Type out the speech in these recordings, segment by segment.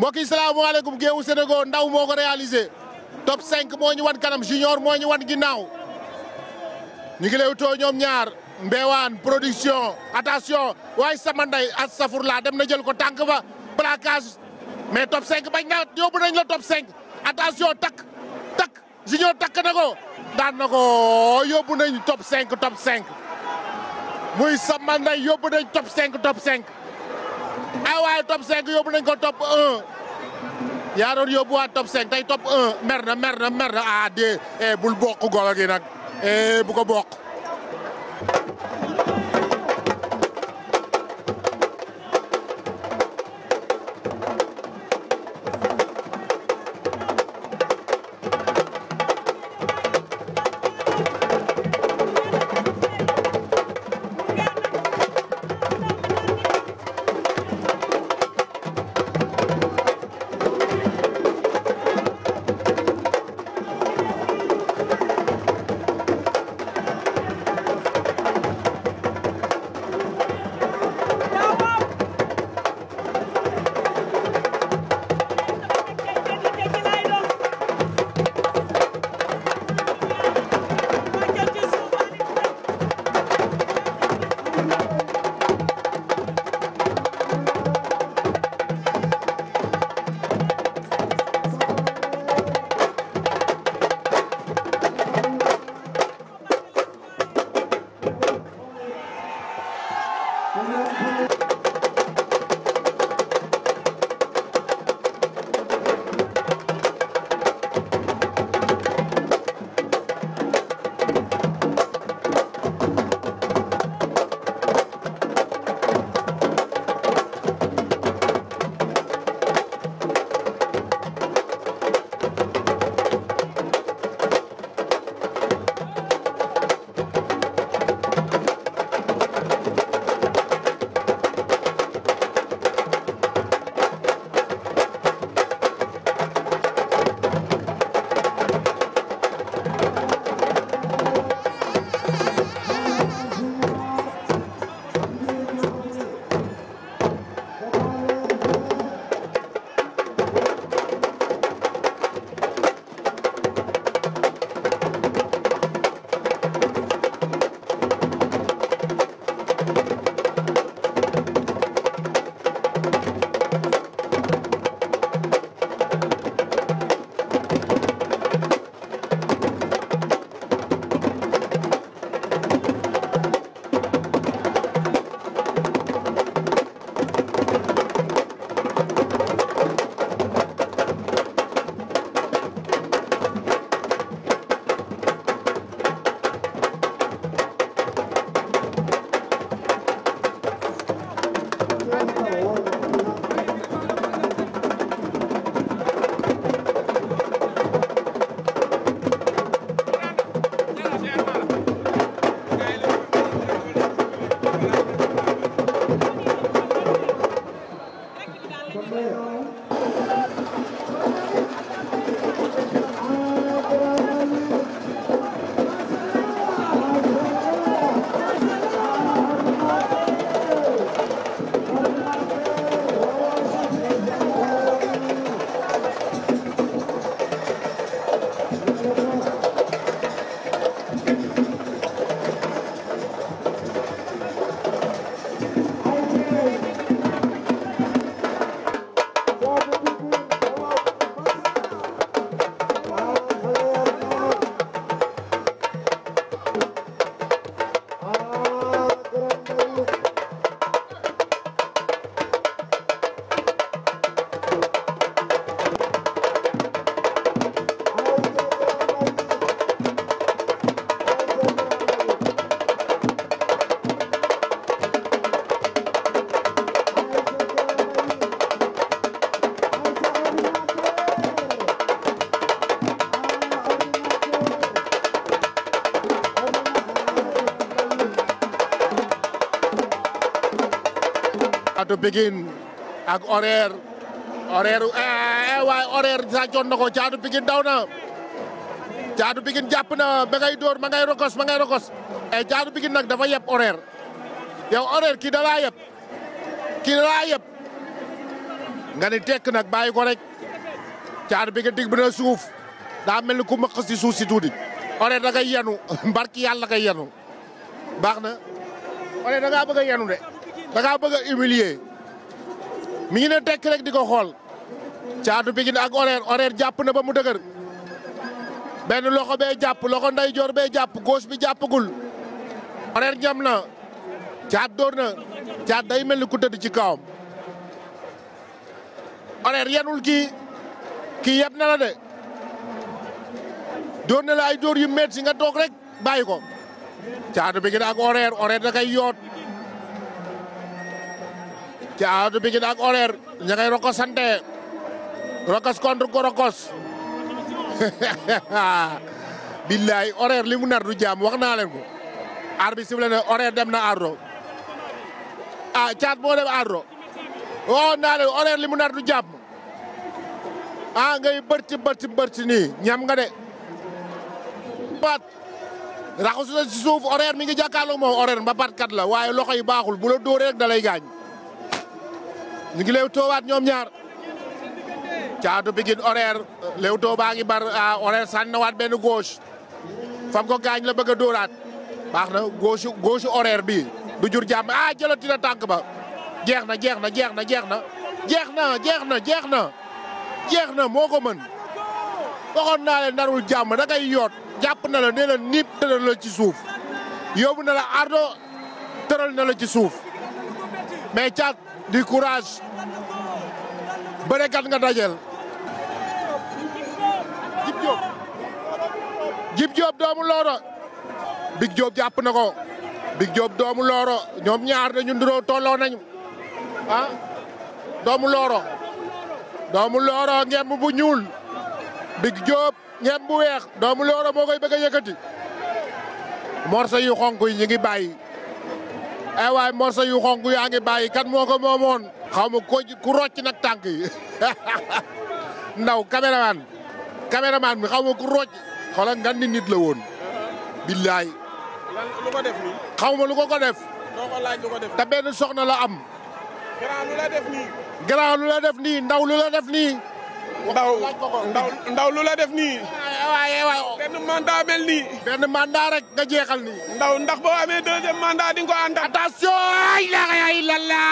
mbokk yi salaamaaleykum géewu Sénégal ndaw moo ko réalisé top 5 moo ñu wan kanam junior moo ñu wan ginnaaw ñu ngi lay ñoom ñaar Mbewaan production attention waaye sama nday ak safurla dem na jël ko tànk ba plaquage mais top 5 bañ naa yóbbu nañ la top 5 attention takk takk junior takk na ko daan na ko yóbbu nañ top 5 top 5 muy sama nday yóbbu nañ top 5 top 5. paree top 5 yóbbu nañ ko top 1 yaa doon yóbbuwaat top 5 tey top 1 mer na mer na mer na ah, dee eh, bul bokk golo gi nag eh, bu ko Caatu Pikine ak horaire horaire eh, eh, eh, waaye horaire sàccoon na ko Caatu Pikine daw na Caatu Pikine jàpp na ba ngay dóor ma ngay rokos ma ngay rokos e Caatu Pikine nag dafa yeb horaire yow horaire kii da laa yeb kii da laa yeb tekk nag bàyyi ko rek Caatu Pikine dig bi na suuf daa mel ni ku mëq si suuf si tuuti horaire da ngay yenu mbarki yàlla ngay yenu baax na horaire da yenu de da ngaa bëgg a humilier mi ngi ne tekk rek di ko xool caatu Pikine ak horaire horaire jàpp na ba mu dëgër benn loxo bee jàpp loxo ndeyjoor bee jàpp goos bi jàppagul horaire ñam na caat dóor na caat day mel ni ku tëdd ci kawam horaire yenul kii kii yeb na la de dóor na la ay dóor yu métti si nga toog rek bàyyi ko caatu Pikine ak horaire horaire da kay yoot Caatu Pikine ak Horaire ña ngay rokos sante rokos contre ko rokos billaay Horaire li mu nar du jaam wax naa leen ko aar bi sifle ne dem na ardo ah caat moo dem ardo waxoon naa leen Horaire li mu nar du jaam a ah, ngay bërti bërti bërti nii ñam nga de pat raxasu na si suuf Horaire mi ngi jàkkaarloo moom Horaire mbapat kat la waaye loxo yi baaxul bu la rek da lay gaañ ñu ngi leew toowaat ñoom ñaar caatu Pikine horaire leew too baa ngi bar a ah, horaire waat benn goos fam ko la bëgg a dóoraat baax na gauche gauche horaire bi du jur jàmm ah jëlati na tànk ba jeex na jeex na jeex na jeex na jeex na jeex na jeex na jeex na moo ko mën waxoon naa leen narul jàmm da ngay yoot jàpp na la nee na niip tëral la ci suuf yóbbu na ardo tëral na la ci suuf mais caat di courage bërekat nga dajel Jib Diop Jib Diop doomu Looro Big Diop jàpp na ko Big joob doomu Looro ñoom ñaar dañu nduroo tolloo nañu ah doomu Looro doomu Looro ngemb bu ñuul Big Diop ngemb bu weex doomu Looro moo koy bëgg a yëkkati morso yu xonk yi ñu ngi bàyyi Eh, ay morso yu xonq yaa ngi bàyyi kat moo ko moomoon xawma ko ku rocc nag tànk yi ndaw caméraman caméraman bi xaw ma ku rocc xoolal nga ni nit la woon billaay lu ko lu ko ko def doo benn soxna la am grand lu la def nii ndaw lu la def nii ndaw lu la def nii waaye waaw. benn nga jeexal nii. ndaw ndax boo amee deuxième mandat di nga ko ànd ak. attention ay la la la.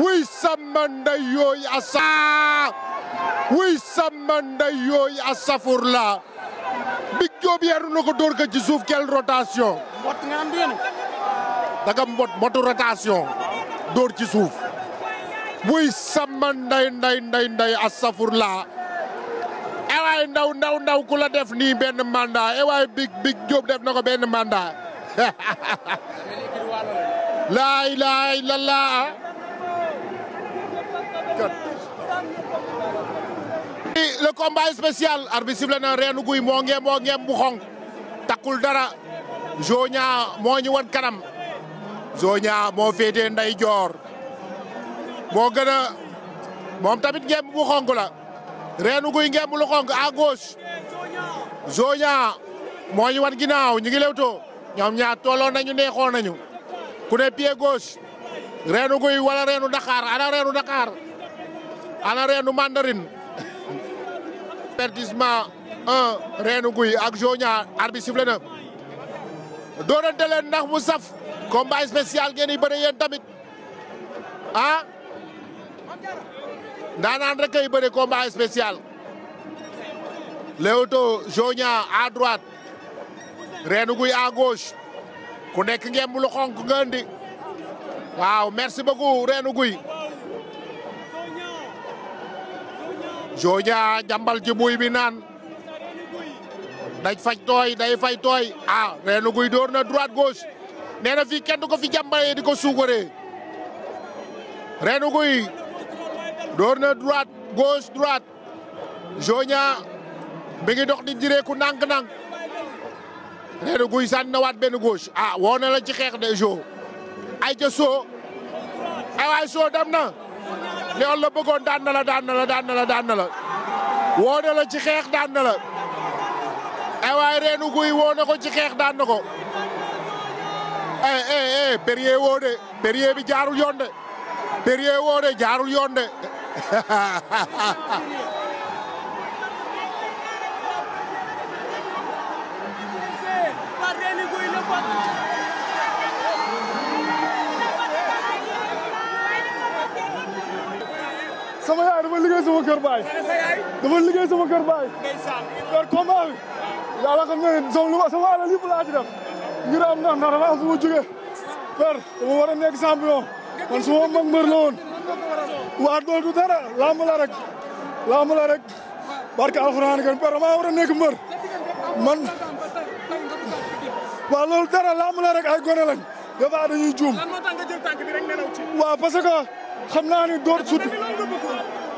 wuy sama ndey yooyu asa. wuy sama ndey yooyu asafur ko dóor ko ci suuf quelle rotation. mbot nga am yéen. daga mbot mbotu rotation. dóor ci suuf. wuy sama ndey ndey ndey ndey safurla ewaay eh ndaw ndaw ndaw ku la def nii benn mandat ewaay eh big big Diop def na ko benn mandat laay laay la laa le combat spécial arbitre sifflé na reenu guy moo ngeem moo ngeem bu xonk takkul dara joña moo ñu wan kanam joña moo féetee nday joor moo gën a moom tamit ngeem bu xonk la reenu guy ngemb lu xonk à gauche Jonia wan ginnaaw ñu ngi lewtoo ñoom ñaar tooloon nañu neexoon nañu ku ne pied gauche reenu guy wala reenu Dakar ana reenu Dakar ana reenu mandarine avertissement reenu guy ak Jonia arbitre sifflé na doonante ndax mu saf combat spécial ngeen yi tamit ah ndaanaan rek ay bëre combat spécial Leewtoo Jogna à droite Reenu Guy à gauche ku nekk ngemb lu xonk nga indi waaw merci beaucoup Reenu Guy Jogna jàmbal ci bi naan daj faj tooy day fay tooy a ah, Reenu Guy door na droite gauche nee na fii kenn du ko fi jàmbalee di ko suukaree Reenu Guy door na droite gauche droite Jonia mi ngi dox di jireeku ndànk-ndànk Reer Guy sànni na waat benn goos ah woo la ci xeex de jo ay ca soo ay waay soo dem na loolu la bëggoon daan la daan la daan la daan ci xeex daan la ay waay Reer Guy woo ko ci xeex daan ko eh eh eh Perrier woo de Perrier bi jaarul yoon Perrier woo de jaarul yoon de sama yaay dafa liggéey sama kër baay dafa liggéey sama kër baay door combat bi yàlla ne sama alal yëpp laa ci def ngir am ndax ndax dafa per dama war a nekk champion man su ma mag mbër la woon dool du dara lamb la rek lamb la alxuraan kan par maa war nekk mbër man waaw loolu dara lamb la ay gone lañ dafa dañuy juum waaw parce que xam naa ni door sud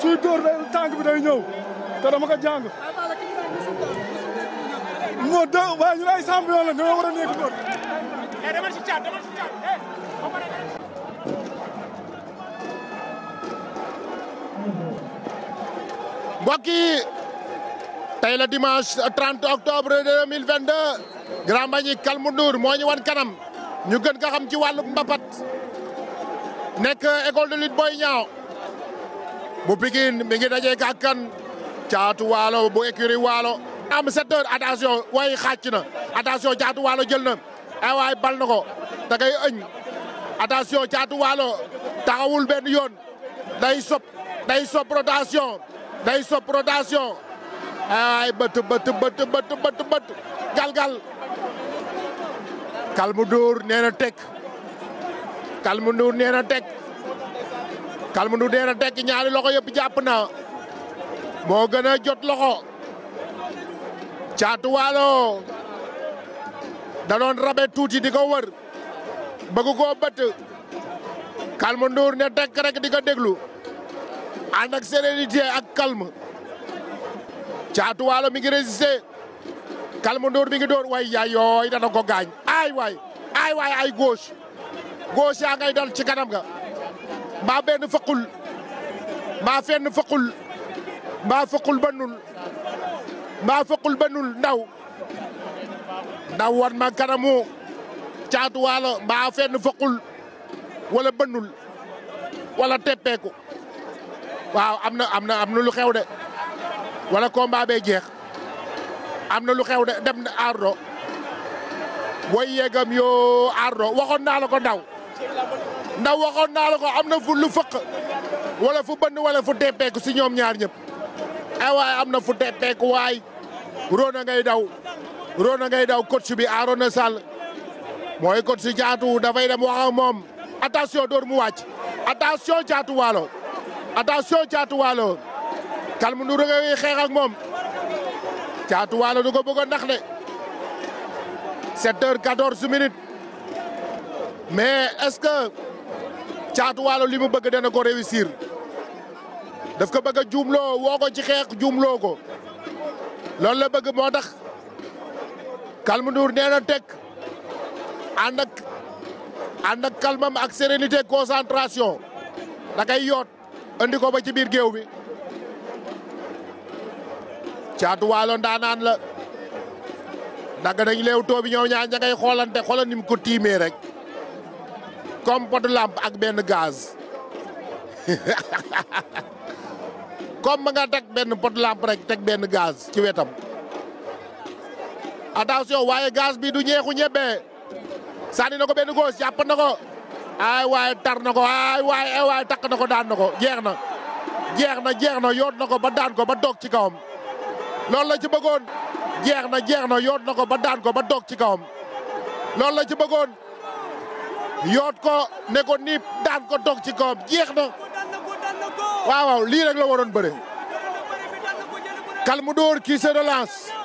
suy door day tànk bi day ñëw te dama ko jàng moo da waaye ñu ay champion la dañoo war a nekk mbër mbokk yi tey la dimanche 30 octobre 2022 Grand Mbagnick Calme moo ñu wan kanam ñu gën ka xam ci wàllu mbapat nekk école de lutte Boy Niang bu Pikine mi ngi dajee ak kan caatu waalo bu écurie waalo am 7 heures attention way xàcc na attention caatu waalo jël na ay waay bal na ko da ngay ëñ attention caatu waalo taxawul benn yoon day sob day sob rotation day sob rotation ay bët bët bët bët bët bët gal-gal kalmu dóor nee na teg kalmu dóor nee na teg ñaari loxo yëpp jàpp na moo gën a jot loxo caatu waalo da rabe tuuti di ko wër bëgg koo bëtt kalmu dóor ne teg rek di ko déglu ànd ak sérénité ak calme Caatu Waalo mi ngi résister calme Ndour mi ngi door way yaay dana ko gaañ ay waay ay waay ay yaa ngay dal ci kanam ga mbaa benn faqul mbaa fenn faqul mbaa faqul ba ndaw ndaw wan ma kanamu Caatu Waalo mbaa fenn faqul wala bënnul wala teppeeku waaw am na am na am na lu xew de wala combat bee jeex am na lu xew de dem na Ardo way yeegam yoo Ardo waxoon naa la ko ndaw ndaw waxoon naa ko am na fu lu fëq walla fu bënn wala fu teppeeku si ñoom ñaar ñëpp ay e waay am na fu teppeeku waay roona ngay daw roona ngay daw si bi Arona Sall mooy coach si jaatu dafay dem wax ak moom attention door mu wàcc attention jaatu waalo attention Caatu Waalo Calme Ndour nga ak moom caatuwalo Waalo du ko bëgg a ndax de 7 heures 14 minutes mais est-ce que Caatu Waalo li mu bëgg dana ko réussir def ko bëgg a juumloo woo ko ci xeex juumloo ko loolu la bëgg moo tax Calme Ndour nee na teg ànd ak ànd ak ak sérénité concentration da kay yoot andi ko ba ci biir géew bi caatu waalo ndaanaan la dagg nañ leew too bi ñoom ñaar ña ngay xoolante xoola nim ko tiimee rek comme potu lampe ak benn gaz comme ma nga teg benn potu lampe rek teg benn gaz ci wetam attention waaye gaz bi du ñeexu ñebe sànni ko benn gauche jàpp na ko ay waaye tar na ko ay waaye ay waaye takk na ko daan na ko jeex na jeex na jeex na yoot na ko ba daan ko ba doog ci kawam loolu la ci bëggoon jeex na jeex na yoot na ko ba daan ko ba doog ci kawam loolu la ci bëggoon yoot ko ne ko niip daan ko doog ci kawam jeex na waaw waaw lii la la waroon bëre mu Ndour qui se relance